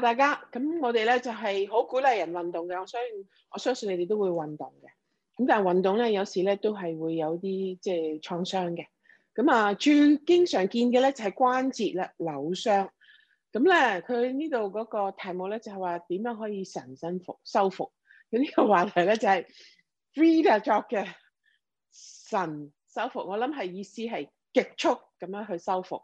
大家咁，我哋咧就係、是、好鼓勵人運動嘅，我相我相信你哋都會運動嘅。咁但係運動咧，有時咧都係會有啲即係創傷嘅。咁啊，最經常見嘅咧就係、是、關節啦扭傷。咁咧，佢呢度嗰個題目咧就係話點樣可以神身復修復。咁呢個話題咧就係 free drop 嘅神修復。我諗係意思係極速咁樣去修復。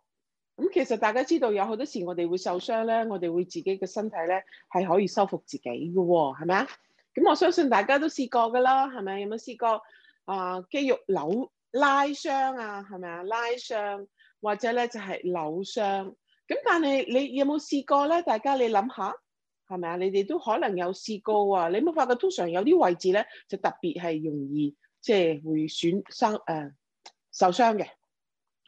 咁其實大家知道有好多時我哋會受傷咧，我哋會自己嘅身體咧係可以修復自己嘅喎、哦，係咪啊？咁我相信大家都試過噶啦，係咪有冇試過啊、呃？肌肉扭拉傷啊，係咪啊？拉傷或者咧就係、是、扭傷。咁但係你有冇試過咧？大家你諗下，係咪啊？你哋都可能有試過啊？你有冇發覺通常有啲位置咧就特別係容易即係、就是、會損傷誒受傷嘅？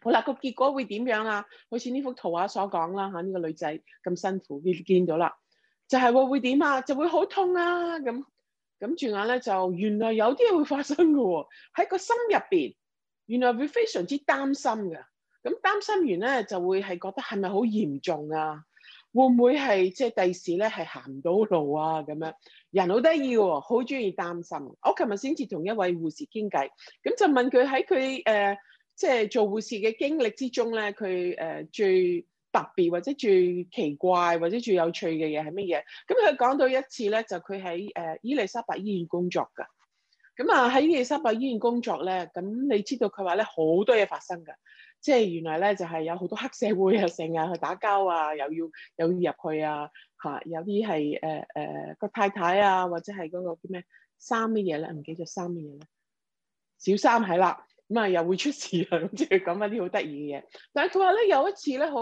好啦，個結果會點樣啦？好似呢幅圖畫所講啦嚇，呢個女仔咁辛苦，見到啦，就係會會點啊？就會好痛啊！咁咁轉眼咧，就原來有啲嘢會發生嘅喎，喺個心入邊，原來會非常之擔心嘅。咁擔心完咧，就會係覺得係咪好嚴重啊？會唔會係即係第時咧係行唔到路啊？咁樣人好得意喎，好中意擔心。我琴日先至同一位護士傾偈，咁就問佢喺佢誒。呃即係做護士嘅經歷之中咧，佢誒最特別或者最奇怪或者最有趣嘅嘢係乜嘢？咁佢講到一次咧，就佢喺誒伊利沙伯醫院工作噶。咁啊喺伊利沙伯醫院工作咧，咁你知道佢話咧好多嘢發生噶。即係原來咧就係、是、有好多黑社會啊，成日去打交啊，又要又要入去啊嚇。有啲係誒誒個太太啊，或者係嗰個叫咩三乜嘢咧，唔記得三乜嘢咧，小三係啦。唔係又會出事啊！即 係講翻啲好得意嘅嘢。但係佢話咧，有一次咧，好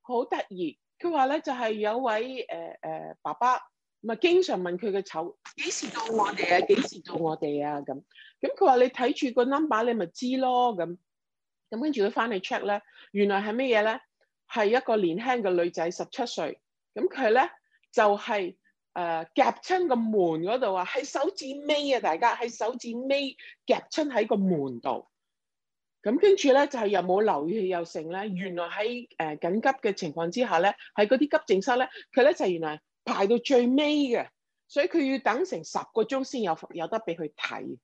好得意。佢話咧就係、是、有位誒誒、呃呃、爸爸，咪經常問佢嘅丑幾時到我哋啊？幾時到我哋啊？咁咁佢話你睇住個 number，你咪知咯。咁咁跟住佢翻去 check 咧，原來係咩嘢咧？係一個年輕嘅女仔，十七歲。咁佢咧就係、是、誒、呃、夾親個門嗰度啊！係手指尾啊，大家係手指尾夾親喺個門度。咁跟住咧就係、是、又冇流血又剩咧，原來喺誒、呃、緊急嘅情況之下咧，喺嗰啲急症室咧，佢咧就是、原來排到最尾嘅，所以佢要等成十個鐘先有有得俾佢睇，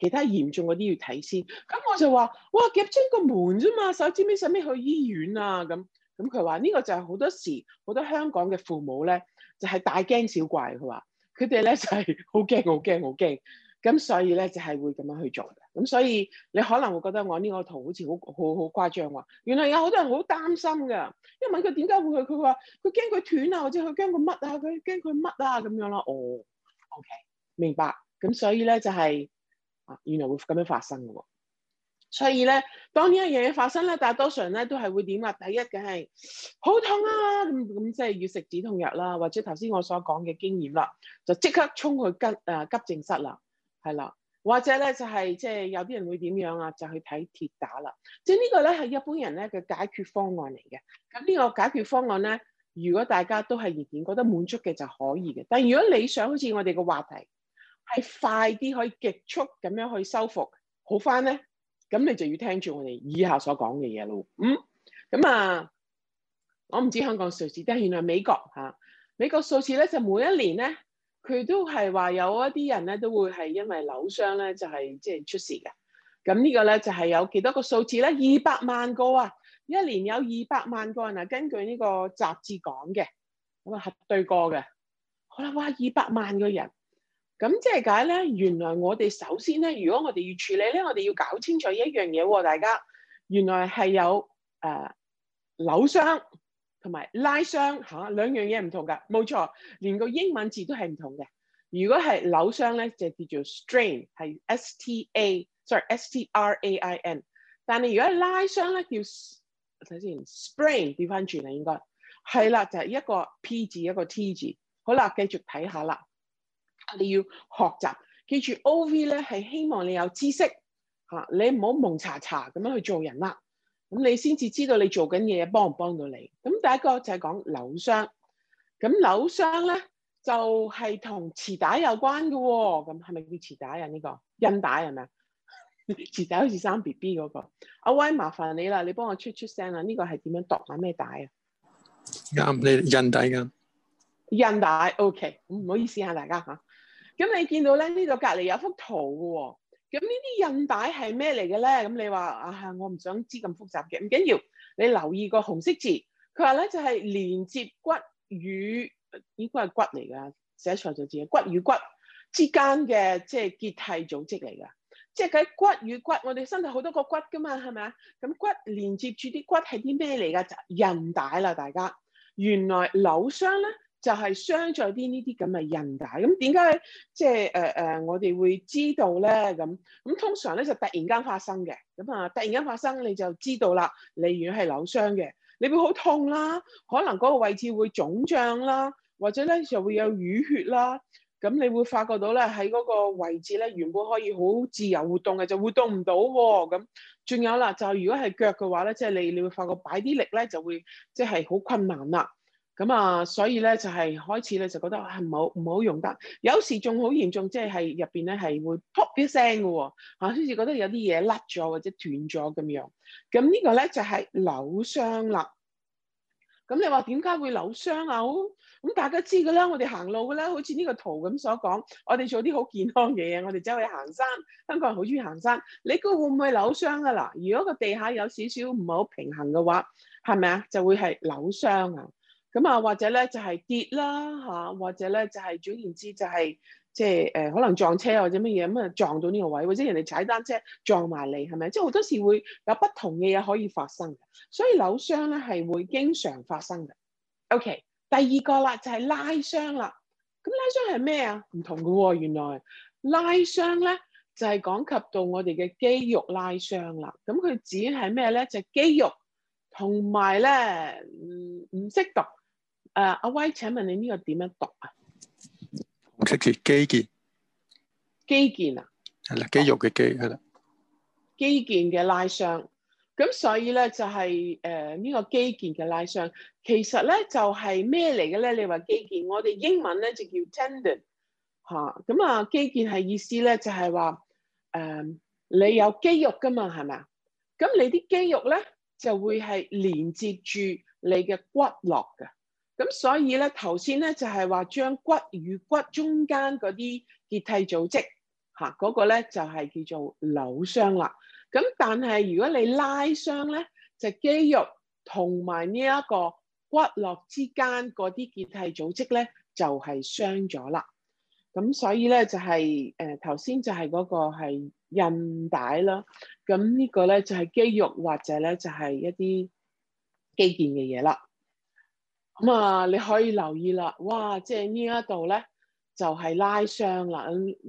其他嚴重嗰啲要睇先。咁、嗯、我就話：哇，夾親個門啫嘛，手指尾使咩去醫院啊？咁咁佢話呢個就係好多時好多香港嘅父母咧，就係、是、大驚小怪。佢話佢哋咧就係好驚好驚好驚，咁所以咧就係會咁樣去做嘅。咁所以你可能會覺得我呢個圖好似好好好誇張喎。原來有好多人好擔心㗎，因為問佢點解會佢佢話佢驚佢斷啊，或者佢驚佢乜啊，佢驚佢乜啊咁樣啦。哦，OK，明白。咁所以咧就係啊，原來會咁樣發生㗎喎。所以咧當呢一樣嘢發生咧，大多數人咧都係會點啊？第一嘅係好痛啊，咁即係要食止痛藥啦，或者頭先我所講嘅經驗啦，就即刻衝去急啊急症室啦。係啦，或者咧就係即係有啲人會點樣啊？就去睇鐵打啦，即係呢個咧係一般人咧嘅解決方案嚟嘅。咁呢個解決方案咧，如果大家都係仍然覺得滿足嘅就可以嘅。但係如果你想好似我哋嘅話題係快啲可以極速咁樣去修復好翻咧，咁你就要聽住我哋以下所講嘅嘢咯。嗯，咁啊，我唔知香港數字，但係原來美國吓，啊，美國數字咧就每一年咧。佢都係話有一啲人咧都會係因為扭傷咧就係即係出事嘅。咁呢個咧就係有幾多個數字咧？二百萬個啊！一年有二百萬個人啊，根據呢個雜誌講嘅，我核對過嘅。好啦，哇！二百萬個人，咁即係解咧，原來我哋首先咧，如果我哋要處理咧，我哋要搞清楚一樣嘢喎，大家原來係有誒扭傷。呃箱兩同埋拉傷嚇兩樣嘢唔同噶，冇錯，連個英文字都係唔同嘅。如果係扭傷咧，就叫做 strain，係 S-T-A，sorry S-T-R-A-I-N。但係如果拉傷咧，要睇先 sprain 調翻轉啦，應該係啦，就係、是、一個 P 字一個 T 字。好啦，繼續睇下啦，你要學習記住 O-V 咧，係希望你有知識嚇，你唔好蒙查查咁樣去做人啦。咁你先至知道你做緊嘢幫唔幫到你。咁第一個就係講扭傷，咁扭傷咧就係同臍帶有關嘅喎。咁係咪叫臍帶啊？呢、這個韌帶係咪啊？臍帶好似生 BB 嗰、那個。阿威麻煩你啦，你幫我出出聲啦。呢、這個係點樣度帶啊？咩帶啊？啱，你韌帶啱。韌帶 OK。唔好意思嚇、啊、大家嚇。咁你見到咧呢度隔離有幅圖嘅喎。咁呢啲韌帶係咩嚟嘅咧？咁你話啊，我唔想知咁複雜嘅，唔緊要，你留意個紅色字，佢話咧就係連接骨與，應該係骨嚟㗎，寫錯咗字，骨與骨之間嘅即係結締組織嚟㗎，即係佢骨與骨，我哋身體好多個骨㗎嘛，係咪啊？咁骨連接住啲骨係啲咩嚟㗎？就韌帶啦，大家，原來扭傷咧。就係傷在啲呢啲咁嘅韌帶，咁點解即係誒誒我哋會知道咧？咁咁通常咧就突然間發生嘅，咁啊突然間發生你就知道啦。你如果係扭傷嘅，你會好痛啦，可能嗰個位置會腫脹啦，或者咧就會有淤血啦。咁你會發覺到咧喺嗰個位置咧原本可以好自由活動嘅就會動唔到喎。咁仲有啦，就如果係腳嘅話咧，即係你你會發覺擺啲力咧就會即係好困難啦。咁啊，所以咧就係、是、開始咧就覺得係唔好唔好用得，有時仲好嚴重，即係係入邊咧係會噗一聲嘅喎嚇，於、啊、是覺得有啲嘢甩咗或者斷咗咁樣。咁呢個咧就係、是、扭傷啦。咁你話點解會扭傷啊？咁大家知噶啦，我哋行路嘅啦，好似呢個圖咁所講，我哋做啲好健康嘅嘢，我哋走去行山，香港人好中意行山，你估會唔會扭傷噶啦？如果個地下有少少唔係好平衡嘅話，係咪啊？就會係扭傷啊！咁啊，或者咧就係跌啦吓，或者咧就係，總而言之就係、是，即係誒，可能撞車或者乜嘢咁啊撞到呢個位，或者人哋踩單車撞埋你，係咪？即係好多時會有不同嘅嘢可以發生，所以扭傷咧係會經常發生嘅。OK，第二個啦就係、是、拉傷啦。咁拉傷係咩啊？唔同㗎喎，原來拉傷咧就係講及到我哋嘅肌肉拉傷啦。咁佢指係咩咧？就係肌肉同埋咧唔唔識讀。誒，uh, 阿威，請問你呢個點樣讀啊？唔識字，肌腱。肌腱啊，係啦，肌肉嘅肌係啦。肌腱嘅拉傷，咁所以咧就係誒呢個肌腱嘅拉傷，其實咧就係咩嚟嘅咧？你話肌腱，我哋英文咧就叫 tendon 啊。吓，咁啊，肌腱係意思咧就係話誒，你有肌肉噶嘛，係咪？咁你啲肌肉咧就會係連接住你嘅骨骼嘅。咁所以咧，頭先咧就係話將骨與骨中間嗰啲結締組織，嚇嗰個咧就係叫做扭傷啦。咁但係如果你拉傷咧，就肌肉同埋呢一個骨骼之間嗰啲結締組織咧就係傷咗啦。咁所以咧就係誒頭先就係嗰個係韌帶啦。咁呢個咧就係肌肉或者咧就係一啲肌腱嘅嘢啦。咁啊，你可以留意啦，哇！即係呢一度咧，就係、是、拉傷啦。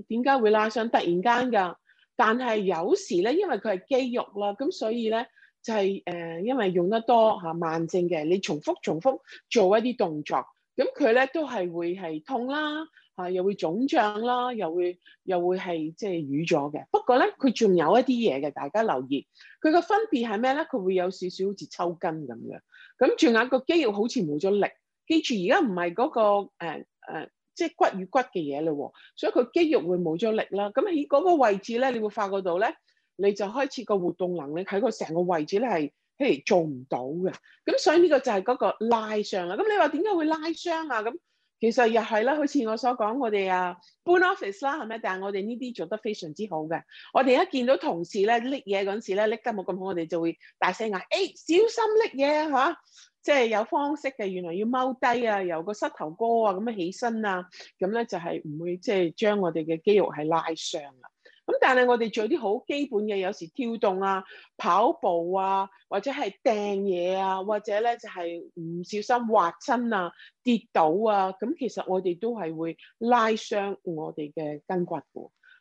點解會拉傷？突然間噶。但係有時咧，因為佢係肌肉啦，咁所以咧就係、是、誒、呃，因為用得多嚇慢性嘅，你重複重複做一啲動作，咁佢咧都係會係痛啦，嚇又會腫脹啦，又會又會係即係瘀咗嘅。不過咧，佢仲有一啲嘢嘅，大家留意。佢個分別係咩咧？佢會有少少好似抽筋咁樣。咁仲有個肌肉好似冇咗力，記住而家唔係嗰個誒、呃呃、即係骨與骨嘅嘢嘞喎，所以佢肌肉會冇咗力啦。咁喺嗰個位置咧，你會發覺到咧，你就開始個活動能力喺個成個位置咧係譬如做唔到嘅。咁所以呢個就係嗰個拉傷啦。咁你話點解會拉傷啊？咁其實又係、啊、啦，好似我所講，我哋啊搬 office 啦，係咪？但係我哋呢啲做得非常之好嘅。我哋一見到同事咧拎嘢嗰陣時咧拎得冇咁好，我哋就會大聲嗌、啊：，誒、欸、小心拎嘢吓？即係有方式嘅，原來要踎低啊，由個膝頭哥啊咁樣起身啊，咁咧就係、是、唔會即係將我哋嘅肌肉係拉傷啦。咁但係我哋做啲好基本嘅，有時跳動啊、跑步啊，或者係掟嘢啊，或者咧就係、是、唔小心滑親啊、跌倒啊，咁、嗯、其實我哋都係會拉傷我哋嘅筋骨嘅。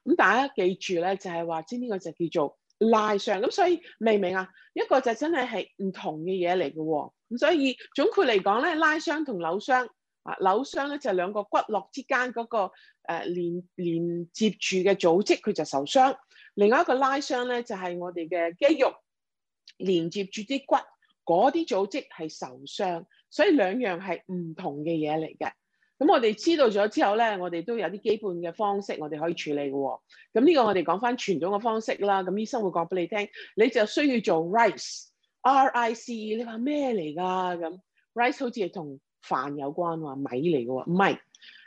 咁、嗯、大家記住咧，就係、是、話，知呢個就叫做拉傷。咁所以明唔明啊？一、這個就真係係唔同嘅嘢嚟嘅喎。咁所以總括嚟講咧，拉傷同扭傷。啊扭傷咧就係兩個骨骼之間嗰個誒連連接住嘅組織佢就受傷，另外一個拉傷咧就係、是、我哋嘅肌肉連接住啲骨嗰啲組織係受傷，所以兩樣係唔同嘅嘢嚟嘅。咁我哋知道咗之後咧，我哋都有啲基本嘅方式，我哋可以處理嘅、哦。咁呢個我哋講翻傳統嘅方式啦。咁醫生會講俾你聽，你就需要做 RICE，R I C E。你話咩嚟噶？咁 RICE 好似係同。飯有關喎，米嚟嘅喎，唔係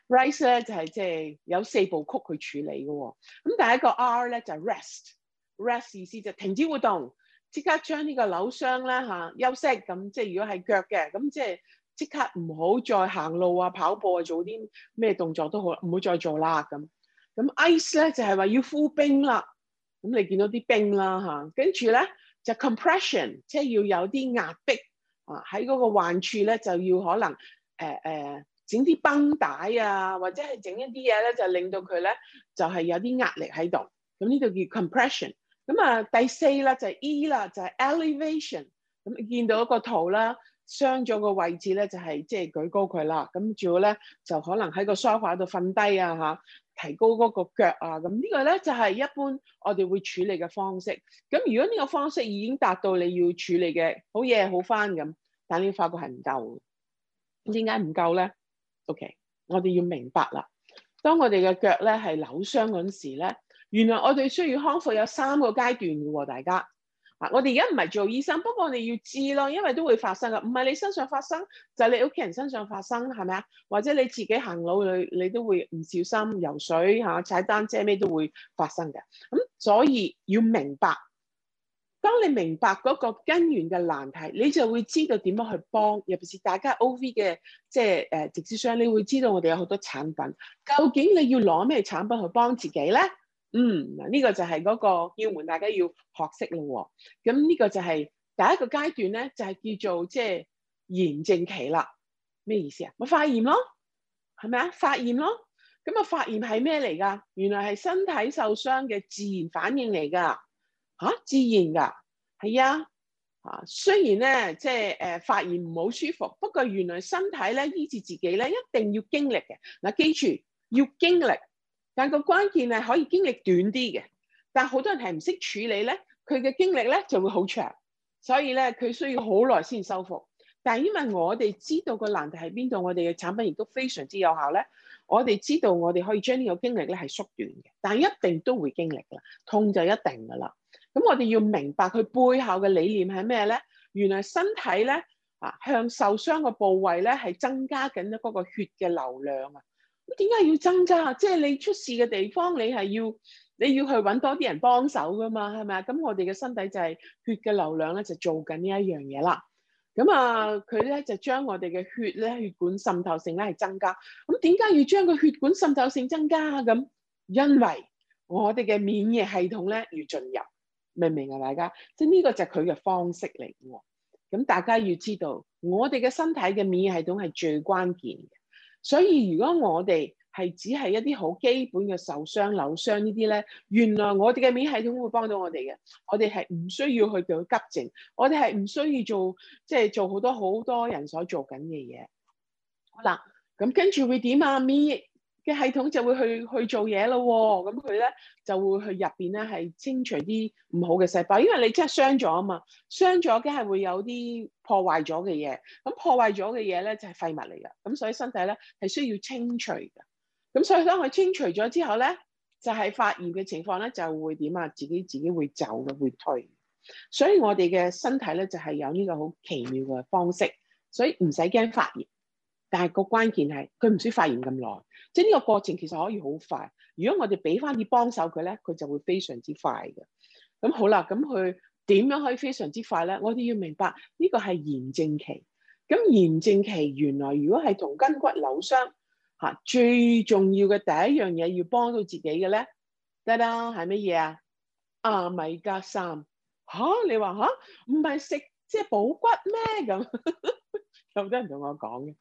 rice 咧就係即係有四部曲去處理嘅喎。咁第一個 R 咧就係 rest，rest 意思就停止活動，即刻將呢個扭傷啦，嚇休息。咁即係如果係腳嘅，咁即係即刻唔好再行路啊、跑步啊、做啲咩動作都好，唔好再做啦咁。咁 ice 咧就係話要敷冰啦。咁你見到啲冰啦嚇，跟住咧就 compression，即係要有啲壓迫，啊，喺嗰個患處咧就要可能，誒誒整啲繃帶啊，或者係整一啲嘢咧，就令到佢咧就係有啲壓力喺度，咁呢度叫 compression。咁啊，第四啦就係 E 啦，就係 elevation。咁你見到一個圖啦，傷咗個位置咧就係即係舉高佢啦。咁仲有咧就可能喺個梳化度瞓低啊嚇。提高嗰個腳啊，咁呢個咧就係一般我哋會處理嘅方式。咁如果呢個方式已經達到你要處理嘅好嘢好翻咁，但你發覺係唔夠。點解唔夠咧？OK，我哋要明白啦。當我哋嘅腳咧係扭傷嗰陣時咧，原來我哋需要康復有三個階段嘅喎，大家。我哋而家唔係做醫生，不過我哋要知咯，因為都會發生噶，唔係你身上發生，就係、你屋企人身上發生，係咪啊？或者你自己行路你你都會唔小心游水嚇、啊、踩單車，咩都會發生嘅。咁、嗯、所以要明白，當你明白嗰個根源嘅難題，你就會知道點樣去幫。尤其是大家 O V 嘅，即係誒直銷商，你會知道我哋有好多產品，究竟你要攞咩產品去幫自己咧？嗯，嗱、這、呢個就係嗰、那個叫門，大家要學識咯、哦。咁、嗯、呢、這個就係第一個階段咧，就係、是、叫做即係炎症期啦。咩意思啊？咪發炎咯，係咪啊？發炎咯。咁啊，發炎係咩嚟噶？原來係身體受傷嘅自然反應嚟噶。吓、啊，自然噶，係啊。吓、啊，雖然咧即係誒發炎唔好舒服，不過原來身體咧醫治自己咧一定要經歷嘅。嗱、啊，記住要經歷。但個關鍵係可以經歷短啲嘅，但好多人係唔識處理咧，佢嘅經歷咧就會好長，所以咧佢需要好耐先修復。但係因為我哋知道個難題喺邊度，我哋嘅產品亦都非常之有效咧。我哋知道我哋可以將呢個經歷咧係縮短嘅，但係一定都會經歷㗎喇，痛就一定㗎喇。咁我哋要明白佢背後嘅理念係咩咧？原來身體咧啊，向受傷嘅部位咧係增加緊咧嗰個血嘅流量啊。咁點解要增加？即係你出事嘅地方你，你係要你要去揾多啲人幫手㗎嘛？係咪啊？咁我哋嘅身體就係血嘅流量咧，就做緊呢一樣嘢啦。咁啊，佢咧就將我哋嘅血咧血管滲透性咧係增加。咁點解要將個血管滲透性增加？咁因為我哋嘅免疫系統咧要進入，明唔明啊？大家即係呢個就係佢嘅方式嚟喎。咁大家要知道，我哋嘅身體嘅免疫系統係最關鍵嘅。所以如果我哋係只係一啲好基本嘅受傷、扭傷呢啲咧，原來我哋嘅免疫系統會幫到我哋嘅，我哋係唔需要去叫急症，我哋係唔需要做即係、就是、做好多好多人所做緊嘅嘢。好嗱，咁跟住會點啊？免嘅系統就會去去做嘢咯、哦，咁佢咧就會去入邊咧係清除啲唔好嘅細胞，因為你即係傷咗啊嘛，傷咗梗係會有啲破壞咗嘅嘢，咁破壞咗嘅嘢咧就係、是、廢物嚟㗎，咁所以身體咧係需要清除嘅，咁所以當佢清除咗之後咧，就係、是、發炎嘅情況咧就會點啊？自己自己會走嘅，會退，所以我哋嘅身體咧就係、是、有呢個好奇妙嘅方式，所以唔使驚發炎。但係個關鍵係佢唔使發炎咁耐，即係呢個過程其實可以好快。如果我哋俾翻啲幫手佢咧，佢就會非常之快嘅。咁好啦，咁佢點樣可以非常之快咧？我哋要明白呢、這個係炎症期。咁炎症期原來如果係同筋骨扭傷嚇，最重要嘅第一樣嘢要幫到自己嘅咧，得啦，係乜嘢啊？阿米加三嚇、啊？你話嚇唔係食即係補骨咩咁？ 有冇啲人同我講嘅？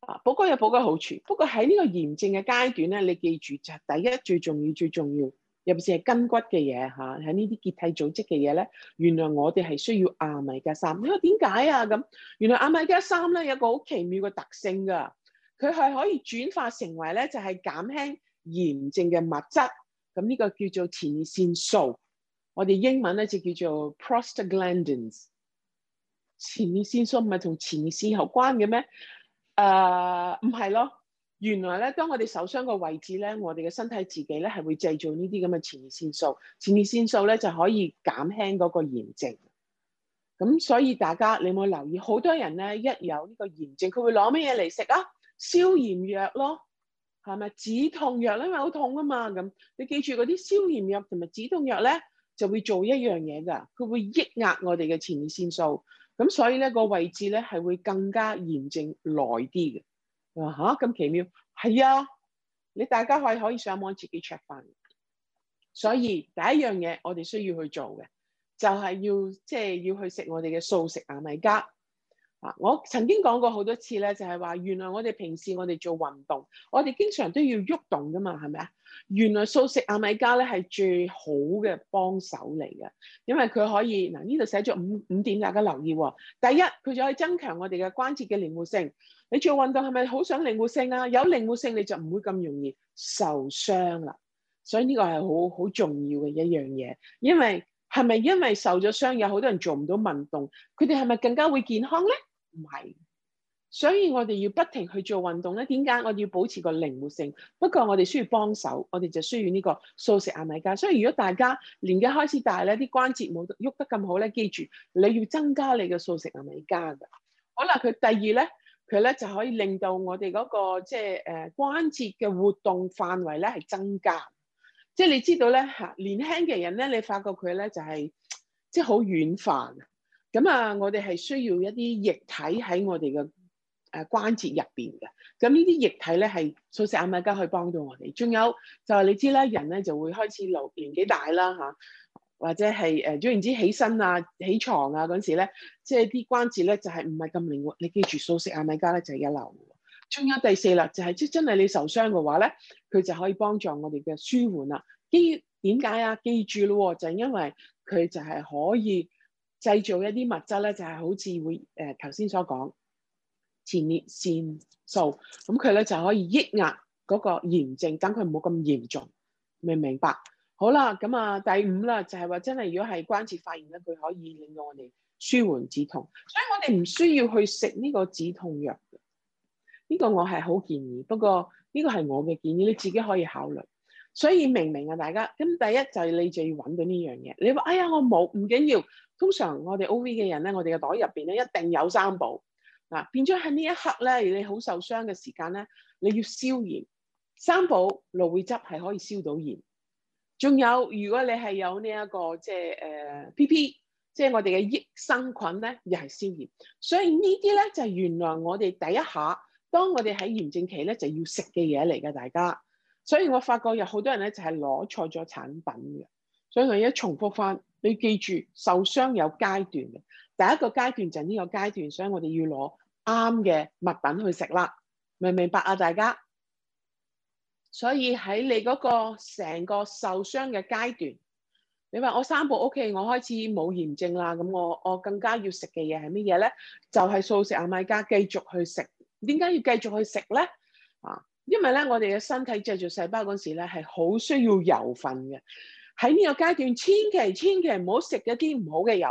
啊，補肝有補肝好處，不過喺呢個炎症嘅階段咧，你記住就第一最重要最重要，尤其是係筋骨嘅嘢吓，喺呢啲結締組織嘅嘢咧，原來我哋係需要阿米加三。因為點解啊咁？原來阿米加三咧有一個好奇妙嘅特性噶，佢係可以轉化成為咧就係減輕炎症嘅物質。咁、這、呢個叫做前列腺素，我哋英文咧就叫做 prostaglandins。前列腺素唔係同前列腺有關嘅咩？誒唔係咯，原來咧，當我哋受傷個位置咧，我哋嘅身體自己咧係會製造呢啲咁嘅前列腺素，前列腺素咧就可以減輕嗰個炎症。咁所以大家你冇留意，好多人咧一有呢個炎症，佢會攞咩嘢嚟食啊？消炎藥咯，係咪止痛藥咧？因為好痛啊嘛。咁你記住嗰啲消炎藥同埋止痛藥咧，就會做一樣嘢㗎，佢會抑壓我哋嘅前列腺素。咁所以咧、這個位置咧係會更加延靜耐啲嘅，啊咁、啊、奇妙，係啊，你大家可以可以上網自己 check 翻。所以第一樣嘢我哋需要去做嘅，就係、是、要即係、就是、要去食我哋嘅素食亞、啊、米加。嗱，我曾經講過好多次咧，就係、是、話原來我哋平時我哋做運動，我哋經常都要喐動噶嘛，係咪啊？原來素食阿米瓜咧係最好嘅幫手嚟嘅，因為佢可以嗱，呢度寫咗五五點，大家留意、哦。第一，佢就可以增強我哋嘅關節嘅靈活性。你做運動係咪好想靈活性啊？有靈活性你就唔會咁容易受傷啦。所以呢個係好好重要嘅一樣嘢，因為係咪因為受咗傷有好多人做唔到運動，佢哋係咪更加會健康咧？唔係，所以我哋要不停去做運動咧。點解我要保持個靈活性？不過我哋需要幫手，我哋就需要呢個素食阿米加。所以如果大家年紀開始大咧，啲關節冇喐得咁好咧，記住你要增加你嘅素食阿米加噶。好啦，佢第二咧，佢咧就可以令到我哋嗰、那個即係誒關節嘅活動範圍咧係增加。即係你知道咧嚇年輕嘅人咧，你發覺佢咧就係即係好軟泛。咁啊，我哋係需要一啲液體喺我哋嘅誒關節入邊嘅。咁呢啲液體咧，係素食阿米加可以幫到我哋。仲有就係、是、你知啦，人咧就會開始流，年紀大啦吓，或者係誒，總言之起身啊、起床啊嗰時咧，即係啲關節咧就係唔係咁靈活。你記住，素食阿米加咧就係、是、一流。仲有第四啦，就係、是、即真係你受傷嘅話咧，佢就可以幫助我哋嘅舒緩啦。啲點解啊？記住咯，就係、是、因為佢就係可以。製造一啲物質咧，就係、是、好似會誒頭先所講，前列腺素，咁佢咧就可以抑壓嗰個炎症，等佢唔好咁嚴重，明唔明白？嗯、好啦，咁、嗯、啊第五啦，就係、是、話真係如果係關節發炎咧，佢可以令到我哋舒緩止痛，所以我哋唔需要去食呢個止痛藥。呢、這個我係好建議，不過呢個係我嘅建議，你自己可以考慮。所以明唔明啊，大家？咁第一就係你就要揾到呢樣嘢。你話：哎呀，我冇唔緊要。通常我哋 O V 嘅人咧，我哋嘅袋入邊咧，一定有三寶啊。變咗喺呢一刻咧，你好受傷嘅時間咧，你要消炎。三寶蘆薈汁係可以消到炎。仲有，如果你係有呢一個即係誒 P P，即係我哋嘅益生菌咧，又係消炎。所以呢啲咧就係原來我哋第一下，當我哋喺炎症期咧就要食嘅嘢嚟㗎，大家。所以我發覺有好多人咧就係攞錯咗產品嘅，所以我而家重複翻，你記住受傷有階段嘅，第一個階段就係呢個階段，所以我哋要攞啱嘅物品去食啦，明唔明白啊？大家，所以喺你嗰個成個受傷嘅階段，你話我三步 OK，我開始冇炎症啦，咁我我更加要食嘅嘢係乜嘢咧？就係、是、素食阿米加繼續去食，點解要繼續去食咧？啊！因為咧，我哋嘅身體製造細胞嗰時咧，係好需要油份嘅。喺呢個階段，千祈千祈唔好食一啲唔好嘅油。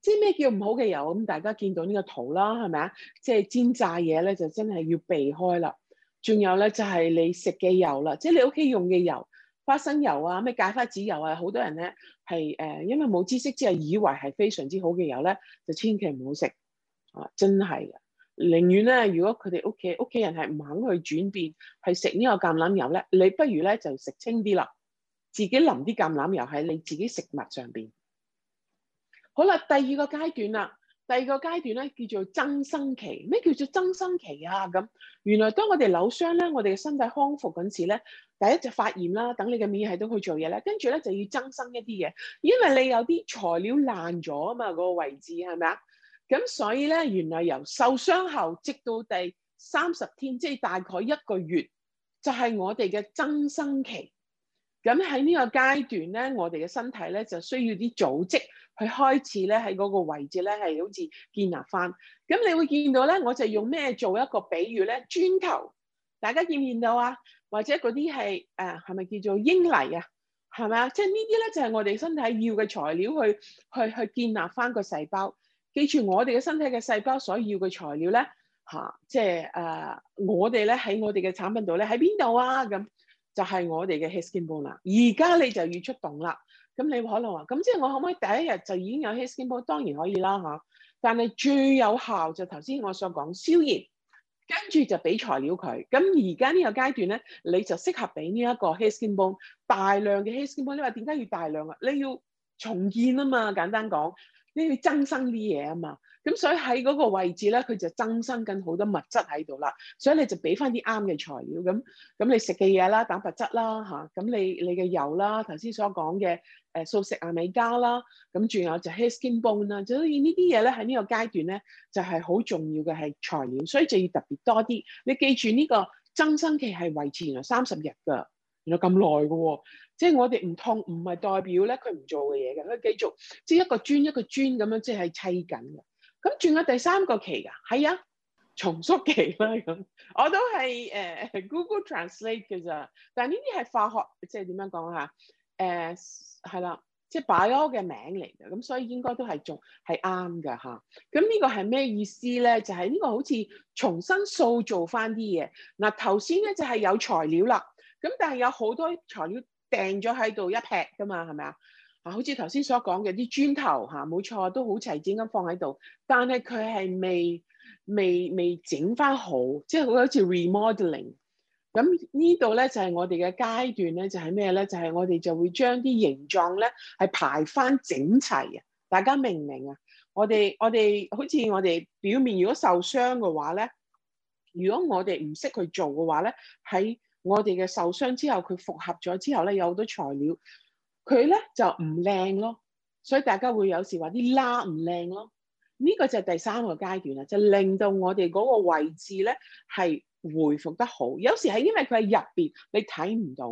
即係咩叫唔好嘅油？咁大家見到呢個圖啦，係咪啊？即係煎炸嘢咧，就真係要避開啦。仲有咧，就係你食嘅油啦，即係你屋企用嘅油，花生油啊，咩芥花籽油啊，好多人咧係誒，因為冇知識之後，之係以為係非常之好嘅油咧，就千祈唔好食。啊，真係嘅。寧願咧，如果佢哋屋企屋企人係唔肯去轉變，係食呢個橄欖油咧，你不如咧就食清啲啦，自己淋啲橄欖油喺你自己食物上邊。好啦，第二個階段啦，第二個階段咧叫做增生期。咩叫做增生期啊？咁原來當我哋扭傷咧，我哋嘅身體康復嗰陣時咧，第一就發炎啦，等你嘅免疫系統去做嘢咧，跟住咧就要增生一啲嘢，因為你有啲材料爛咗啊嘛，嗰個位置係咪啊？咁所以咧，原來由受傷後直到第三十天，即係大概一個月，就係我哋嘅增生期。咁喺呢個階段咧，我哋嘅身體咧就需要啲組織去開始咧喺嗰個位置咧係好似建立翻。咁你會見到咧，我就用咩做一個比喻咧？磚頭，大家見唔見到啊？或者嗰啲係誒係咪叫做英泥啊？係咪啊？即係呢啲咧就係我哋身體要嘅材料去去去建立翻個細胞。記住我哋嘅身體嘅細胞所要嘅材料咧，嚇、啊，即係誒、呃、我哋咧喺我哋嘅產品度咧喺邊度啊？咁就係我哋嘅 Histamine Bone 啦。而家你就要出動啦。咁你可能話，咁即係我可唔可以第一日就已經有 Histamine Bone？當然可以啦，嚇、啊。但係最有效就頭先我所講消炎，跟住就俾材料佢。咁而家呢個階段咧，你就適合俾呢一個 Histamine Bone，大量嘅 Histamine Bone。你話點解要大量啊？你要重建啊嘛，簡單講。你要增生啲嘢啊嘛，咁所以喺嗰個位置咧，佢就增生緊好多物質喺度啦。所以你就俾翻啲啱嘅材料咁咁，你食嘅嘢啦，蛋白質啦嚇，咁、啊、你你嘅油啦，頭先所講嘅誒素食亞美加啦，咁、啊、仲有就 hair skin bone 啊，所以呢啲嘢咧喺呢個階段咧就係、是、好重要嘅係材料，所以就要特別多啲。你記住呢個增生期係維持原來三十日㗎。有咁耐嘅。即係我哋唔痛，唔係代表咧佢唔做嘅嘢嘅，佢繼續即係一個磚一個磚咁樣即係砌緊嘅。咁轉咗第三個期噶、啊，係啊，重塑期啦咁。 我都係誒、呃、Google Translate 嘅咋，但呢啲係化學，即係點樣講吓？誒係啦，即係 bio 嘅名嚟嘅，咁所以應該都係仲係啱嘅吓。咁呢個係咩意思咧？就係、是、呢個好似重新塑造翻啲嘢。嗱頭先咧就係、是、有材料啦。咁但係有好多材料掟咗喺度一劈噶嘛，係咪啊？啊，好似頭先所講嘅啲磚頭嚇，冇錯都好齊整咁放喺度，但係佢係未未未整翻好，即係好似 remodeling。咁呢度咧就係我哋嘅階段咧，就係咩咧？就係、是就是、我哋就會將啲形狀咧係排翻整齊啊！大家明唔明啊？我哋我哋好似我哋表面如果受傷嘅話咧，如果我哋唔識去做嘅話咧，喺我哋嘅受傷之後，佢復合咗之後咧，有好多材料，佢咧就唔靚咯，所以大家會有時話啲拉唔靚咯。呢、這個就係第三個階段啦，就是、令到我哋嗰個位置咧係恢復得好。有時係因為佢喺入邊，你睇唔到，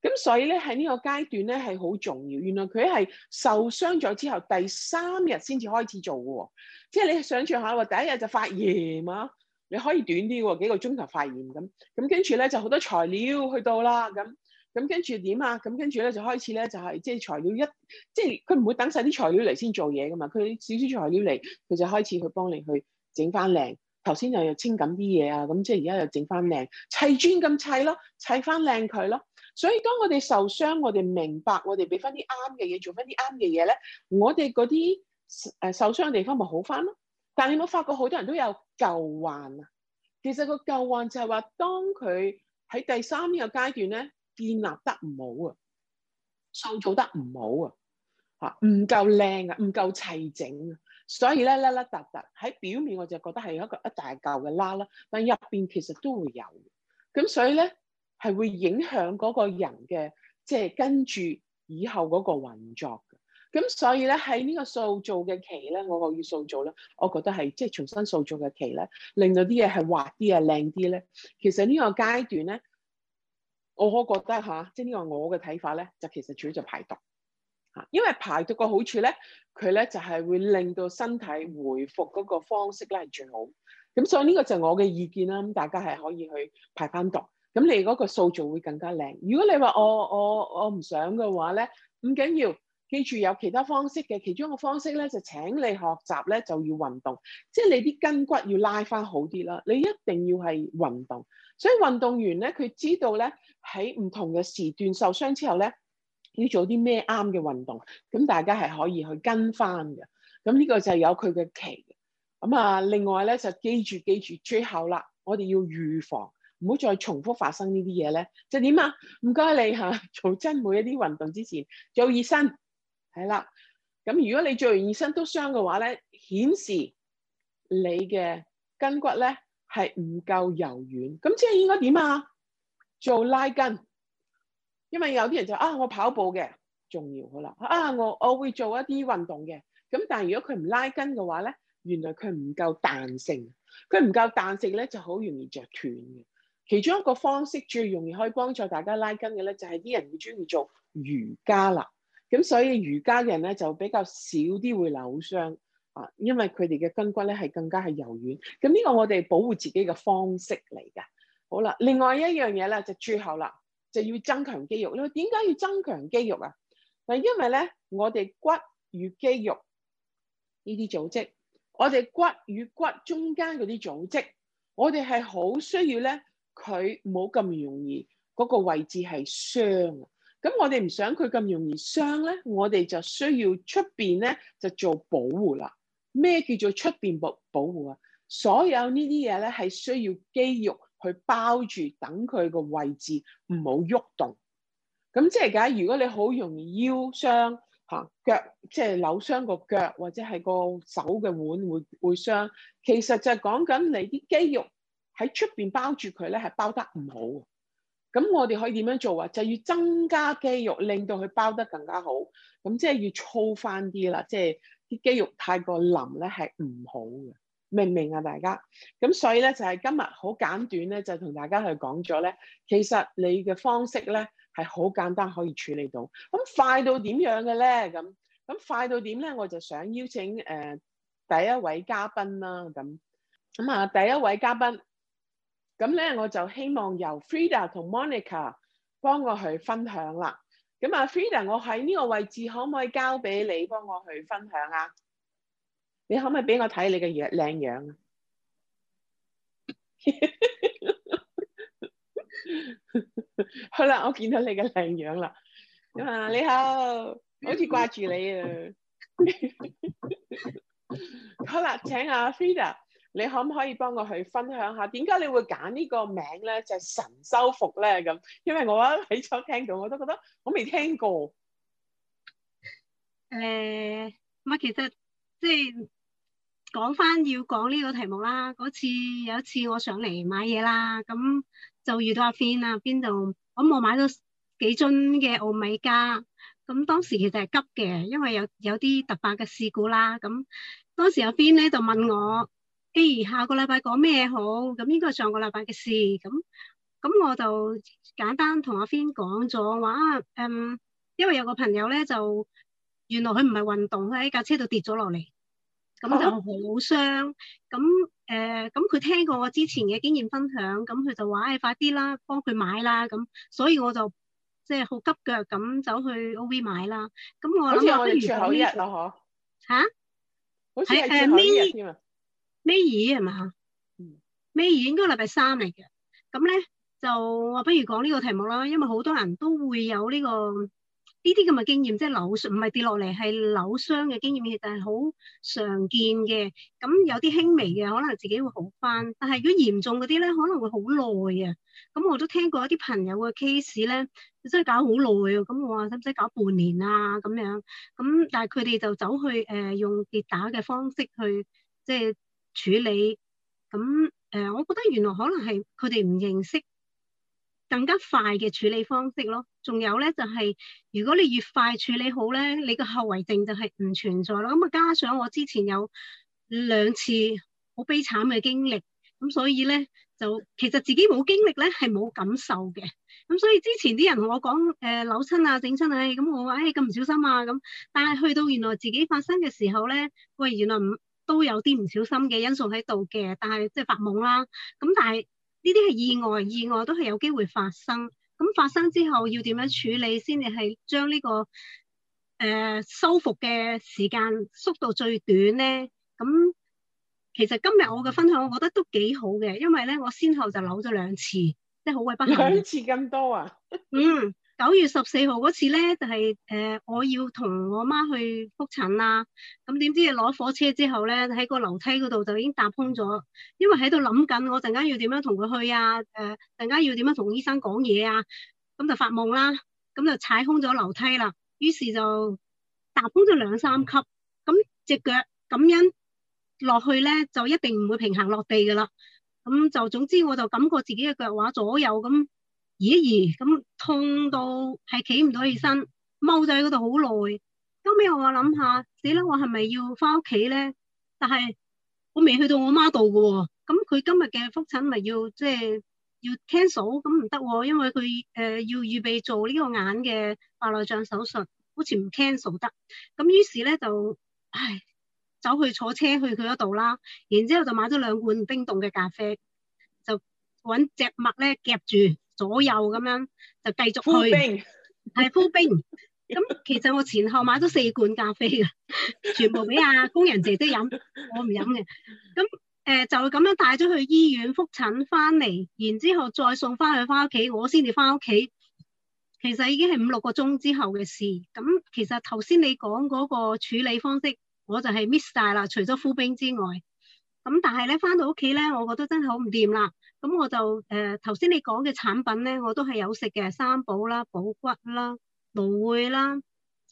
咁所以咧喺呢個階段咧係好重要。原來佢係受傷咗之後第三日先至開始做喎，即係你想象下喎，第一日就發炎嘛、啊。你可以短啲喎，幾個鐘頭發炎咁，咁跟住咧就好多材料去到啦，咁咁跟住點啊？咁跟住咧就開始咧就係即係材料一，即係佢唔會等晒啲材料嚟先做嘢噶嘛。佢少少材料嚟，佢就開始去幫你去整翻靚。頭先又清緊啲嘢啊，咁即係而家又整翻靚砌磚咁砌咯，砌翻靚佢咯。所以當我哋受傷，我哋明白，我哋俾翻啲啱嘅嘢，做翻啲啱嘅嘢咧，我哋嗰啲誒受傷嘅地方咪好翻咯。但你有冇發覺好多人都有舊患啊！其實個舊患就係話，當佢喺第三呢個階段咧，建立得唔好啊，塑造得唔好啊，嚇唔夠靚啊，唔夠齊整啊，所以咧甩甩遢遢喺表面，我就覺得係一個一大嚿嘅啦啦，但入邊其實都會有，咁所以咧係會影響嗰個人嘅，即係跟住以後嗰個運作。咁所以咧喺呢個塑造嘅期咧，我個要塑造咧，我覺得係即係重新塑造嘅期咧，令到啲嘢係滑啲啊靚啲咧。其實呢個階段咧，我我覺得吓，即係呢個我嘅睇法咧，就其實主要就排毒吓，因為排毒嘅好處咧，佢咧就係、是、會令到身體回復嗰個方式咧係最好。咁所以呢個就我嘅意見啦，咁大家係可以去排翻毒。咁你嗰個塑造會更加靚。如果你我我我話我我我唔想嘅話咧，唔緊要。記住有其他方式嘅，其中一個方式咧就請你學習咧就要運動，即係你啲筋骨要拉翻好啲啦。你一定要係運動，所以運動員咧佢知道咧喺唔同嘅時段受傷之後咧要做啲咩啱嘅運動，咁大家係可以去跟翻嘅。咁呢個就有佢嘅期。咁啊，另外咧就記住記住最後啦，我哋要預防，唔好再重複發生呢啲嘢咧。就點啊？唔該你嚇做真每一啲運動之前做熱身。係啦，咁如果你做完熱身都傷嘅話咧，顯示你嘅筋骨咧係唔夠柔軟。咁即係應該點啊？做拉筋，因為有啲人就啊，我跑步嘅重要好啦，啊我我會做一啲運動嘅。咁但係如果佢唔拉筋嘅話咧，原來佢唔夠彈性，佢唔夠彈性咧就好容易着斷嘅。其中一個方式最容易可以幫助大家拉筋嘅咧，就係、是、啲人會中意做瑜伽啦。咁所以瑜伽嘅人咧就比較少啲會扭傷啊，因為佢哋嘅筋骨咧係更加係柔軟。咁呢個我哋保護自己嘅方式嚟噶。好啦，另外一樣嘢啦，就最後啦，就要增強肌肉。因為點解要增強肌肉啊？嗱，因為咧，我哋骨與肌肉呢啲組織，我哋骨與骨中間嗰啲組織，我哋係好需要咧，佢冇咁容易嗰個位置係傷。咁我哋唔想佢咁容易傷咧，我哋就需要出邊咧就做保護啦。咩叫做出邊保保護啊？所有呢啲嘢咧係需要肌肉去包住，等佢個位置唔好喐動。咁即係㗎，如果你好容易腰傷嚇、啊、腳，即係扭傷個腳，或者係個手嘅腕會會傷，其實就係講緊你啲肌肉喺出邊包住佢咧，係包得唔好。咁我哋可以點樣做啊？就要增加肌肉，令到佢包得更加好。咁即係要粗翻啲啦，即係啲肌肉太過腍咧，係唔好嘅。明唔明啊，大家？咁所以咧，就係、是、今日好簡短咧，就同大家去講咗咧。其實你嘅方式咧係好簡單，可以處理到。咁快到點樣嘅咧？咁咁快到點咧？我就想邀請誒、呃、第一位嘉賓啦。咁咁啊，第一位嘉賓。咁咧，我就希望由 Frida 同 Monica 幫我去分享啦。咁啊，Frida，我喺呢個位置可唔可以交俾你幫我去分享啊？你可唔可以俾我睇你嘅樣靚樣啊？ 好啦，我見到你嘅靚樣啦。咁啊，你好，好似掛住你啊。 好啦，請啊，Frida。你可唔可以幫我去分享下點解你會揀呢個名咧？就神修復咧，咁，因為我起初聽到，我都覺得我未聽過。誒，咪其實即係講翻要講呢個題目啦。嗰次有一次我上嚟買嘢啦，咁就遇到阿 Fin 啦，邊度，咁我買咗幾樽嘅奧米加。咁當時其實係急嘅，因為有有啲突發嘅事故啦。咁當時阿 Fin 咧就問我。譬如下個禮拜講咩好，咁應該係上個禮拜嘅事。咁咁我就簡單同阿 Fin 講咗，話啊，嗯，因為有個朋友咧就原來佢唔係運動，佢喺架車度跌咗落嚟，咁就好傷。咁誒、哦，咁佢、呃、聽過我之前嘅經驗分享，咁佢就話：誒、欸，快啲啦，幫佢買啦。咁所以我就即係好急腳咁走去 OV 買啦。咁我諗啊，不如好似我哋出啊，嗬、呃、吓，喺誒尾二係咪？嗯，尾二應該禮拜三嚟嘅。咁咧就話不如講呢個題目啦，因為好多人都會有呢、這個呢啲咁嘅經驗，即係扭傷，唔係跌落嚟係扭傷嘅經驗，但係好常見嘅。咁有啲輕微嘅可能自己會好返，但係如果嚴重嗰啲咧可能會好耐啊。咁我都聽過一啲朋友嘅 case 咧，真係搞好耐啊。咁我話使唔使搞半年啊？咁樣咁，但係佢哋就走去誒、呃、用跌打嘅方式去即係。處理咁誒、呃，我覺得原來可能係佢哋唔認識更加快嘅處理方式咯。仲有咧就係、是，如果你越快處理好咧，你個後遺症就係唔存在咯。咁啊，加上我之前有兩次好悲慘嘅經歷，咁所以咧就其實自己冇經歷咧係冇感受嘅。咁所以之前啲人同我講誒、呃、扭親啊、整親啊，咁、哎、我話誒咁唔小心啊咁。但係去到原來自己發生嘅時候咧，喂，原來唔～都有啲唔小心嘅因素喺度嘅，但係即係發夢啦。咁但係呢啲係意外，意外都係有機會發生。咁發生之後要點樣處理先至係將呢個誒修復嘅時間縮到最短咧？咁其實今日我嘅分享，我覺得都幾好嘅，因為咧我先後就扭咗兩次，即係好鬼不幸。兩次咁多啊？ 嗯。九月十四號嗰次咧，就係、是、誒、呃、我要同我媽去復診啦。咁點知攞火車之後咧，喺個樓梯嗰度就已經踏空咗。因為喺度諗緊，我陣間要點樣同佢去啊？誒、呃，陣間要點樣同醫生講嘢啊？咁、嗯、就發夢啦，咁、嗯、就踩空咗樓梯啦。於是就踏空咗兩三級，咁隻腳咁樣落去咧，就一定唔會平衡落地噶啦。咁、嗯、就總之我就感覺自己嘅腳話左右咁。咦，咁痛到係企唔到起身，踎咗喺嗰度好耐。後尾我諗下，死啦，我係咪要翻屋企咧？但係我未去到我媽度嘅喎，咁佢今日嘅復診咪要即係、就是、要 cancel 咁唔得，因為佢誒、呃、要預備做呢個眼嘅白內障手術，好似唔 cancel 得。咁於是咧就唉，走去坐車去佢嗰度啦，然之後就買咗兩罐冰凍嘅咖啡，就搵隻麥咧夾住。左右咁樣就繼續去，係敷冰。咁 其實我前後買咗四罐咖啡噶，全部俾阿工人姐姐飲， 我唔飲嘅。咁誒、呃、就咁樣帶咗去醫院復診，翻嚟，然之後再送翻去翻屋企，我先至翻屋企。其實已經係五六個鐘之後嘅事。咁其實頭先你講嗰個處理方式，我就係 miss 晒啦，除咗敷冰之外，咁但係咧翻到屋企咧，我覺得真係好唔掂啦。咁我就誒頭先你講嘅產品咧，我都係有食嘅，三寶啦、補骨啦、蘆薈啦，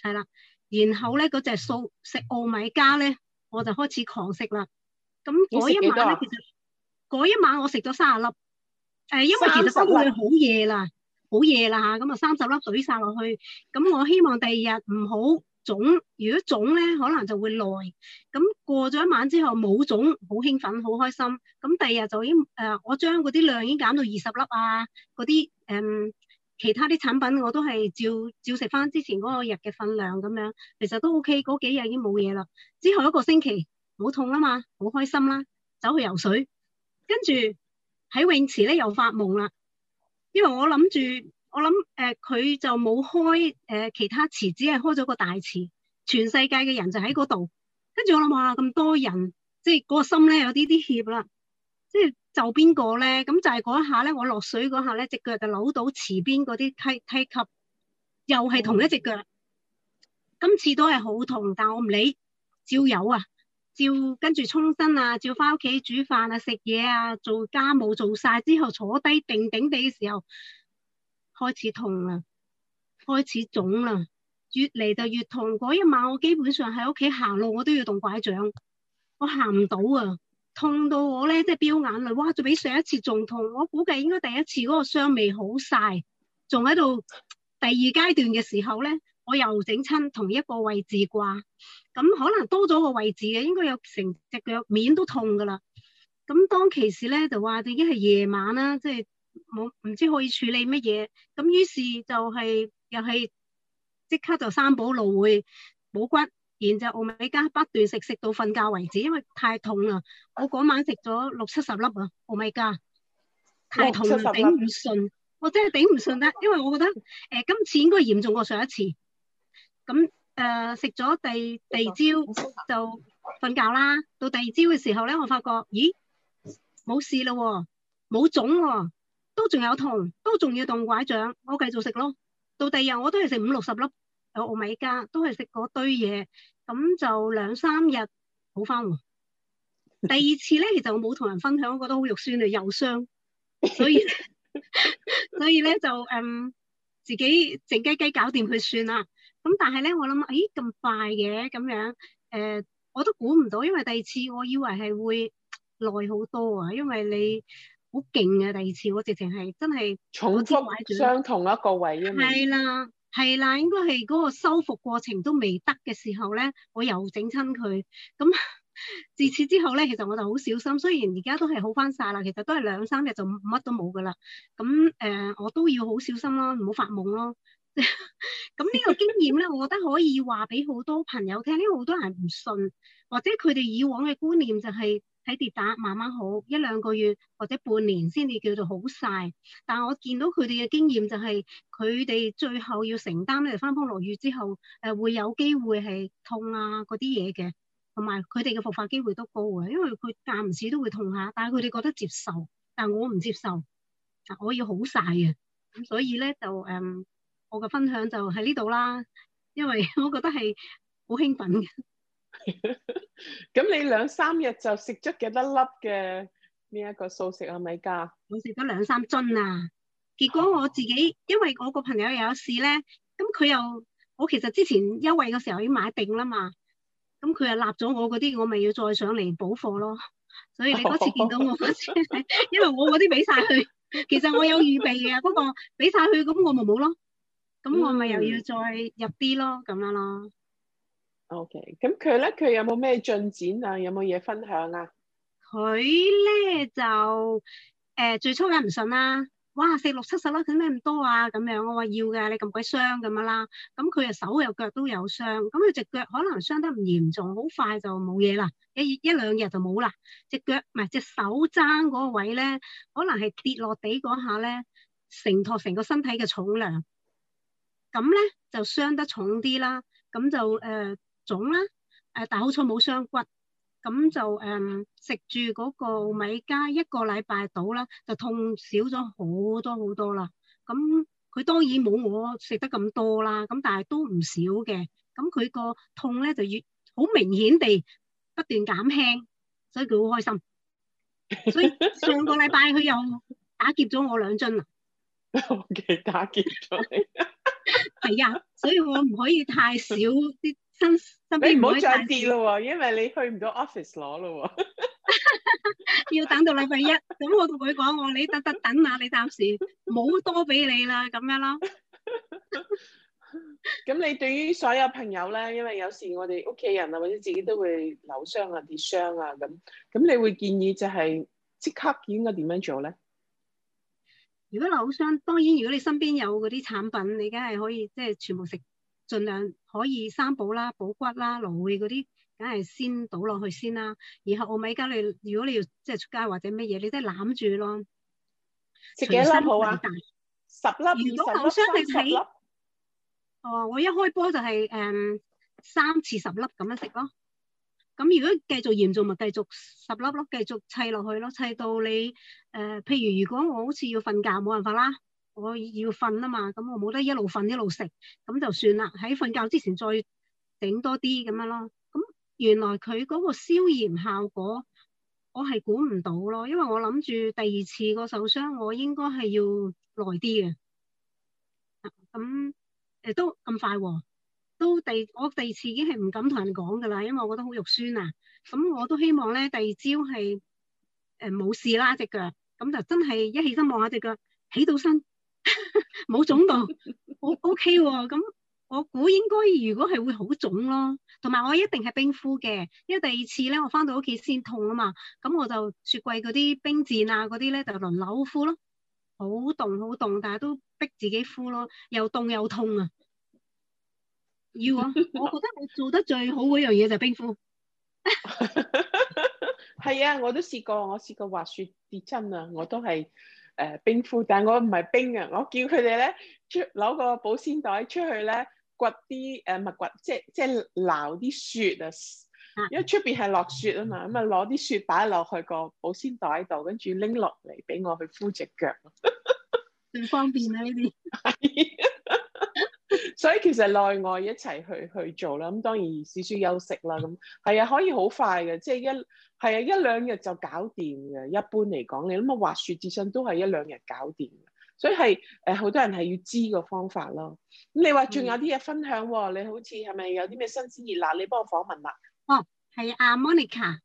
係啦。然後咧嗰隻素食奧米加咧，我就開始狂食啦。咁嗰一晚咧，啊、其實嗰一晚我食咗三十粒，誒、呃，因為其實都好夜啦，好夜啦嚇，咁啊三十粒懟曬落去。咁我希望第二日唔好。腫，如果腫咧，可能就會耐。咁過咗一晚之後冇腫，好興奮，好開心。咁第二日就已經誒、呃，我將嗰啲量已經減到二十粒啊。嗰啲誒其他啲產品我都係照照食翻之前嗰個日嘅份量咁樣，其實都 OK。嗰幾日已經冇嘢啦。之後一個星期冇痛啊嘛，好開心啦，走去游水，跟住喺泳池咧又發夢啦，因為我諗住。我諗誒，佢、呃、就冇開誒、呃、其他池，只係開咗個大池，全世界嘅人就喺嗰度。跟住我諗下，咁、啊、多人，即係嗰個心咧有啲啲怯啦，即係就邊個咧？咁就係嗰一下咧，我落水嗰下咧，隻腳就扭到池邊嗰啲梯梯級，又係同一隻腳，嗯、今次都係好痛，但我唔理，照游啊，照跟住沖身啊，照翻屋企煮飯啊，食嘢啊，做家務做晒之後坐低定定地嘅時候。開始痛啦，開始腫啦，越嚟，就越痛。嗰一晚我基本上喺屋企行路，我都要動拐杖，我行唔到啊！痛到我咧，即係飆眼淚。哇！再比上一次仲痛，我估計應該第一次嗰個傷未好晒，仲喺度第二階段嘅時候咧，我又整親同一個位置啩。咁可能多咗個位置嘅，應該有成隻腳面都痛噶啦。咁當其時咧就話，已經係夜晚啦，即係。冇，唔知可以處理乜嘢，咁於是就係又係即刻就三寶路薈冇骨，然後就奧米加不斷食，食到瞓覺為止，因為太痛啦。我嗰晚食咗六七十粒啊奧米加太痛啦，頂唔順，我真係頂唔順啦。因為我覺得誒、呃、今次應該嚴重過上一次，咁誒食咗第第二朝就瞓覺啦。到第二朝嘅時候咧，我發覺咦冇事啦，哦，冇腫喎，啊。都仲有痛，都仲要動拐杖，我繼續食咯。到第二日我都係食五六十粒，有奧米加，都係食嗰堆嘢，咁就兩三日好翻。第二次咧，其實我冇同人分享，我覺得好肉酸啊，又傷，所以 所以咧就嗯、um，自己靜雞雞搞掂佢算啦。咁但係咧，我諗誒咁快嘅咁樣，誒、呃、我都估唔到，因為第二次我以為係會耐好多啊，因為你。好勁啊！第二次我直情係真係重複相同一個位啊嘛，係啦係啦，應該係嗰個修復過程都未得嘅時候咧，我又整親佢。咁自此之後咧，其實我就好小心。雖然而家都係好返晒啦，其實都係兩三日就乜都冇㗎啦。咁誒、呃，我都要好小心咯，唔好發夢咯。咁 呢個經驗咧，我覺得可以話俾好多朋友聽，因為好多人唔信，或者佢哋以往嘅觀念就係、是。睇跌打慢慢好，一兩個月或者半年先至叫做好晒。但我見到佢哋嘅經驗就係、是，佢哋最後要承擔咧，翻風落雨之後，誒、呃、會有機會係痛啊嗰啲嘢嘅，同埋佢哋嘅復發機會都高嘅，因為佢間唔時都會痛下。但係佢哋覺得接受，但係我唔接受，我要好晒嘅。咁所以咧就誒、嗯，我嘅分享就喺呢度啦，因為 我覺得係好興奮嘅。咁 你兩三日就食咗幾多粒嘅？呢一個素食阿米嘉，我食咗兩三樽啊！結果我自己，因為我個朋友又有事咧，咁佢又我其實之前優惠嘅時候已經買定啦嘛，咁佢又立咗我嗰啲，我咪要再上嚟補貨咯。所以你嗰次見到我嗰次， 因為我嗰啲俾晒佢，其實我有預備嘅，不過俾晒佢咁我咪冇咯。咁我咪又要再入啲咯，咁樣咯。O K，咁佢咧，佢、okay. 有冇咩進展啊？有冇嘢分享啊？佢咧就誒、呃、最初有唔信啦，哇四六七十啦，佢咩咁多啊？咁樣我話要嘅，你咁鬼傷咁樣啦。咁佢又手又腳都有傷，咁佢隻腳可能傷得唔嚴重，好快就冇嘢啦，一一兩日就冇啦。隻腳唔係隻手踭嗰個位咧，可能係跌落地嗰下咧，承托成個身體嘅重量，咁咧就傷得重啲啦。咁就誒。呃腫啦，誒，但係好彩冇傷骨，咁就誒食住嗰個奧米加一個禮拜到啦，就痛少咗好多好多啦。咁佢當然冇我食得咁多啦，咁但係都唔少嘅。咁佢個痛咧就越好明顯地不斷減輕，所以佢好開心。所以上個禮拜佢又打劫咗我兩樽啦。我嘅打劫咗你。係啊，所以我唔可以太少啲。身身邊唔好再跌咯喎，因為你去唔到 office 攞咯喎， 要等到禮拜一。咁 我同佢講，我你等等等啊，你暫時冇多俾你啦，咁樣咯。咁 你對於所有朋友咧，因為有時我哋屋企人啊，或者自己都會扭傷啊、跌傷啊，咁咁你會建議就係即刻應該點樣做咧？如果扭傷，當然如果你身邊有嗰啲產品，你梗係可以即係、就是、全部食。儘量可以生補啦，補骨啦，蘆薈嗰啲，梗係先倒落去先啦。然後奧米加你，如果你要即係出街或者咩嘢，你都係攬住咯。食幾多粒好啊？十粒、二十粒、三十粒。哦，我一開波就係、是、誒、嗯、三次十粒咁樣食咯。咁如果繼續嚴重，咪繼續十粒咯，繼續砌落去咯，砌到你誒、呃、譬如如果我好似要瞓覺，冇辦法啦。我要瞓啊嘛，咁我冇得一路瞓一路食，咁就算啦。喺瞓覺之前再整多啲咁樣咯。咁原來佢嗰個消炎效果，我係估唔到咯。因為我諗住第二次個受傷，我應該係要耐啲嘅。咁誒都咁快喎，都第、啊、我第二次已經係唔敢同人講噶啦，因為我覺得好肉酸啊。咁、嗯、我都希望咧，第二朝係誒冇事啦隻腳，咁就真係一起身望下隻腳，起到身。冇腫到，我 OK 喎。咁我估應該如果係會好腫咯，同埋我一定係冰敷嘅，因為第二次咧我翻到屋企先痛啊嘛。咁我就雪櫃嗰啲冰墊啊呢，嗰啲咧就輪流敷咯，好凍好凍，但係都逼自己敷咯，又凍又痛啊。要啊，我覺得我做得最好嗰樣嘢就係冰敷。係 啊，我都試過，我試過滑雪跌親啊，我都係。誒、呃、冰敷，但係我唔係冰嘅，我叫佢哋咧出攞個保鮮袋出去咧，掘啲誒唔係掘，即即係撈啲雪啊，因為出邊係落雪啊嘛，咁啊攞啲雪擺落去個保鮮袋度，跟住拎落嚟俾我去敷隻腳，唔 方便啦呢啲。 所以其實內外一齊去去做啦，咁當然少少休息啦。咁係啊，可以好快嘅，即係一係啊一兩日就搞掂嘅。一般嚟講，你諗下滑雪自信都係一兩日搞掂嘅。所以係誒，好多人係要知個方法咯。咁你話仲有啲嘢分享喎？你好似係咪有啲咩新鮮熱辣？你幫我訪問啦。哦，係啊，Monica，Monica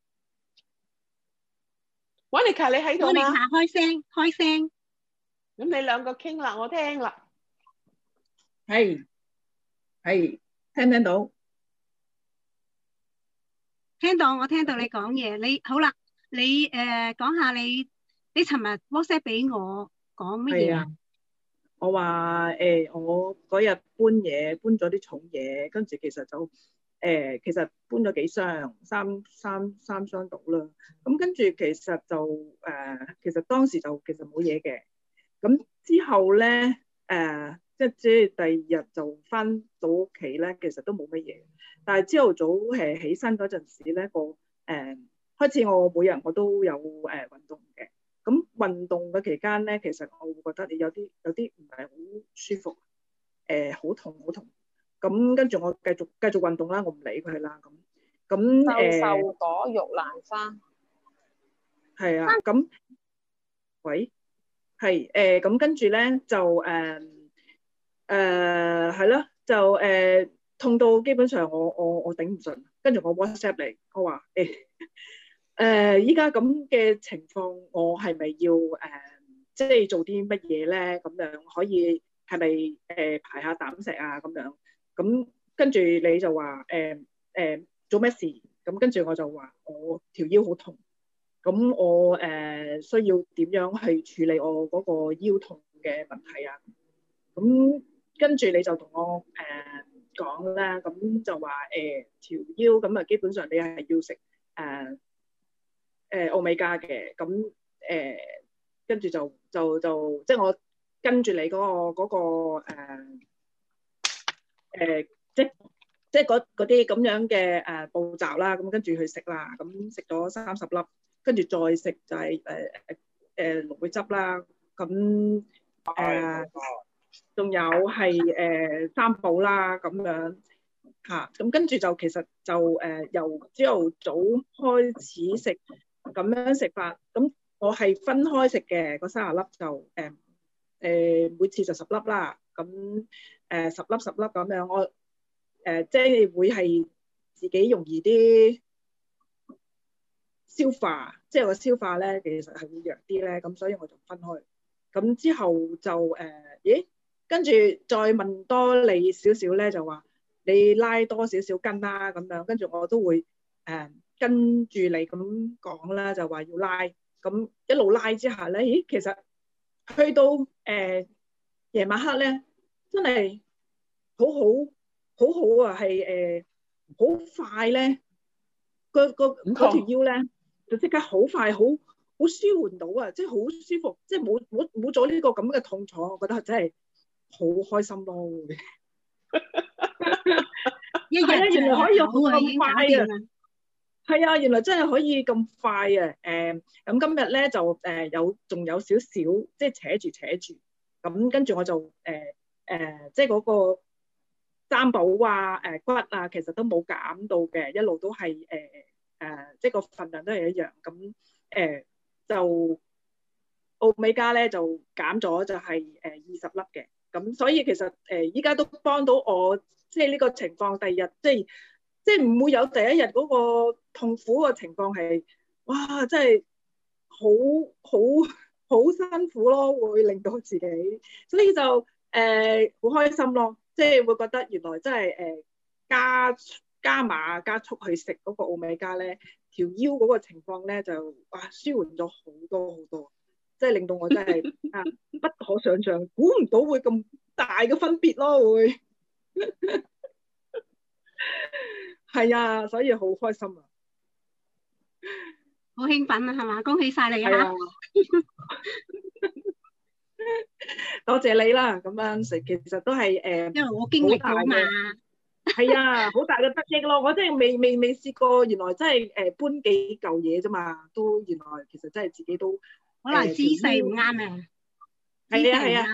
你喺度啦。Monica，開聲，開聲。咁你兩個傾啦，我聽啦。係。係，聽唔聽到？聽到，我聽到你講嘢。你好啦，你誒講下你，你尋日 WhatsApp 俾我講乜嘢啊？我話誒，我嗰日搬嘢，搬咗啲重嘢，跟住其實就誒，其實搬咗幾箱，三三三箱到啦。咁跟住其實就誒，其實當時就其實冇嘢嘅。咁之後咧誒。即係第二日就翻到屋企咧，其實都冇乜嘢。但係朝頭早誒起身嗰陣時咧，我誒開始我每日我都有誒運動嘅。咁運動嘅期間咧，其實我會覺得有啲有啲唔係好舒服，誒好痛好痛。咁跟住我繼續繼續運動啦，我唔理佢啦咁。咁瘦果肉蘭花。係啊，咁喂，係誒咁跟住咧就誒。誒係咯，就誒、uh, 痛到基本上我我我頂唔順，跟住我 WhatsApp 你，我話誒誒依家咁嘅情況，我係咪要誒、uh, 即係做啲乜嘢咧？咁樣可以係咪誒排下膽石啊？咁樣咁，跟住你就話誒誒做咩事？咁跟住我就話我條腰好痛，咁我誒、uh, 需要點樣去處理我嗰個腰痛嘅問題啊？咁跟住你就同我誒、uh, 講啦，咁就話誒、uh, 條腰咁啊，基本上你係要食誒誒奧米加嘅，咁誒、uh, 跟住就就就即係我跟住你嗰個嗰個誒誒、uh, uh, 即即係嗰啲咁樣嘅誒、uh, 步驟啦，咁跟住去食啦，咁食咗三十粒，跟住再食就係誒誒誒蘆薈汁啦，咁誒。Uh, 哦仲有係誒三寶啦咁樣吓，咁跟住就其實就誒由朝頭早開始食咁樣食法，咁我係分開食嘅，個三十粒就誒誒每次就十粒啦，咁誒十粒十粒咁樣，我誒即係會係自己容易啲消化，即係個消化咧其實係會弱啲咧，咁所以我就分開，咁之後就誒咦。跟住再問多你少少咧，就話你拉多少少筋啦咁樣。跟住我都會誒跟住你咁講啦，就話要拉咁一路拉之下咧，咦？其實去到誒夜晚黑咧，真係好好好好啊，係誒好快咧個個嗰條腰咧就即刻好快好好舒緩到啊，即係好舒服，即係冇冇冇咗呢個咁嘅痛楚，我覺得真係。好開心咯！原來可以咁快啊！係啊，原來真係可以咁快啊！誒，咁今日咧就誒有仲有少少即係扯住扯住，咁跟住我就誒誒即係嗰個三寶啊、誒骨啊，其實都冇減到嘅，一路都係誒誒即係個份量都係一樣咁誒，就奧美加咧就減咗就係誒二十粒嘅。咁所以其實誒依家都幫到我，即係呢個情況。第二日即係即係唔會有第一日嗰個痛苦嘅情況係，哇！真係好好好辛苦咯，會令到自己。所以就誒好、呃、開心咯，即係會覺得原來真係誒、呃、加加碼加速去食嗰個奧美加咧，條腰嗰個情況咧就哇舒緩咗好多好多。即係令到我真係啊，不可想像，估唔到會咁大嘅分別咯。會係啊，所以好開心啊，好興奮啊，係嘛？恭喜晒你啊！多謝你啦。咁樣食其實都係誒，因為我經歷過嘛，係啊，好大嘅得益咯。我真係未未未試過，原來真係誒搬幾嚿嘢啫嘛，都原來其實真係自己都。可能姿勢唔啱啊！係啊係啊，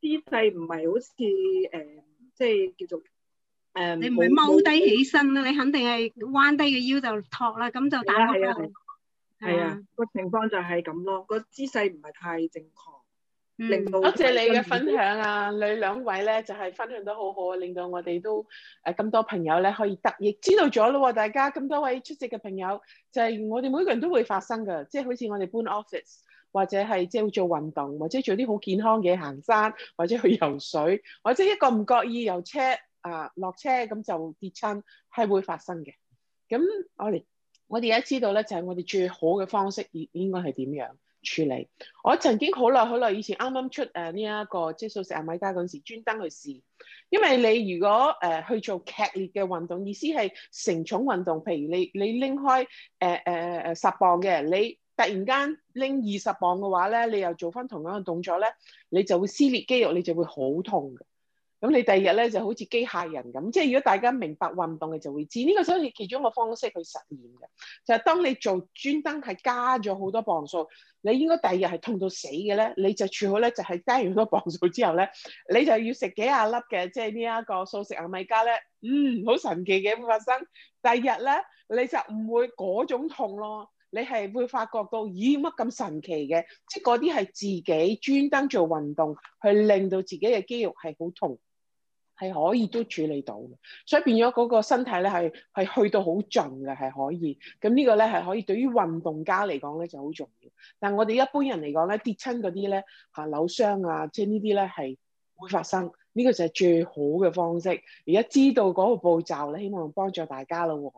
姿勢唔係好似誒，即係叫做誒，你唔會踎低起身啦，你肯定係彎低個腰就托啦，咁就打下啦。係啊，啊哎那個情況就係咁咯，那個姿勢唔係太正確。多謝，謝你嘅分享啊！你兩 位咧就係、是、分享得好好啊，令到我哋都誒咁、呃、多朋友咧可以得益，知道咗咯喎！大家咁多位出席嘅朋友，就係、是、我哋每個人都會發生嘅，即、就、係、是、好似我哋搬 office 或者係即係會做運動，或者做啲好健康嘅行山或者去游水，或者一個唔覺意由車啊落、呃、車咁就跌親，係會發生嘅。咁我哋我哋而家知道咧，就係、是、我哋最好嘅方式應應該係點樣？處理，我曾經好耐好耐，以前啱啱出誒呢一個即係素食阿米加嗰陣時，專登去試。因為你如果誒、呃、去做劇烈嘅運動，意思係成重運動，譬如你你拎開誒誒誒十磅嘅，你突然間拎二十磅嘅話咧，你又做返同樣嘅動作咧，你就會撕裂肌肉，你就會好痛。咁你第二日咧就好似機械人咁，即係如果大家明白運動嘅就會知呢個。所以其中一個方式去實現嘅，就係當你做專登係加咗好多磅數，你應該第二日係痛到死嘅咧，你就儲好咧就係加完好多磅數之後咧，你就要食幾廿粒嘅即係呢一個素食阿米加咧，嗯，好神奇嘅會發生。第二日咧你就唔會嗰種痛咯，你係會發覺到咦乜咁神奇嘅，即係嗰啲係自己專登做運動去令到自己嘅肌肉係好痛。係可以都處理到嘅，所以變咗嗰個身體咧係係去到好盡嘅，係可以。咁呢個咧係可以對於運動家嚟講咧就好重要。但係我哋一般人嚟講咧跌親嗰啲咧嚇扭傷啊，即係呢啲咧係會發生。呢個就係最好嘅方式。而家知道嗰個步驟咧，希望幫助大家咯、哦。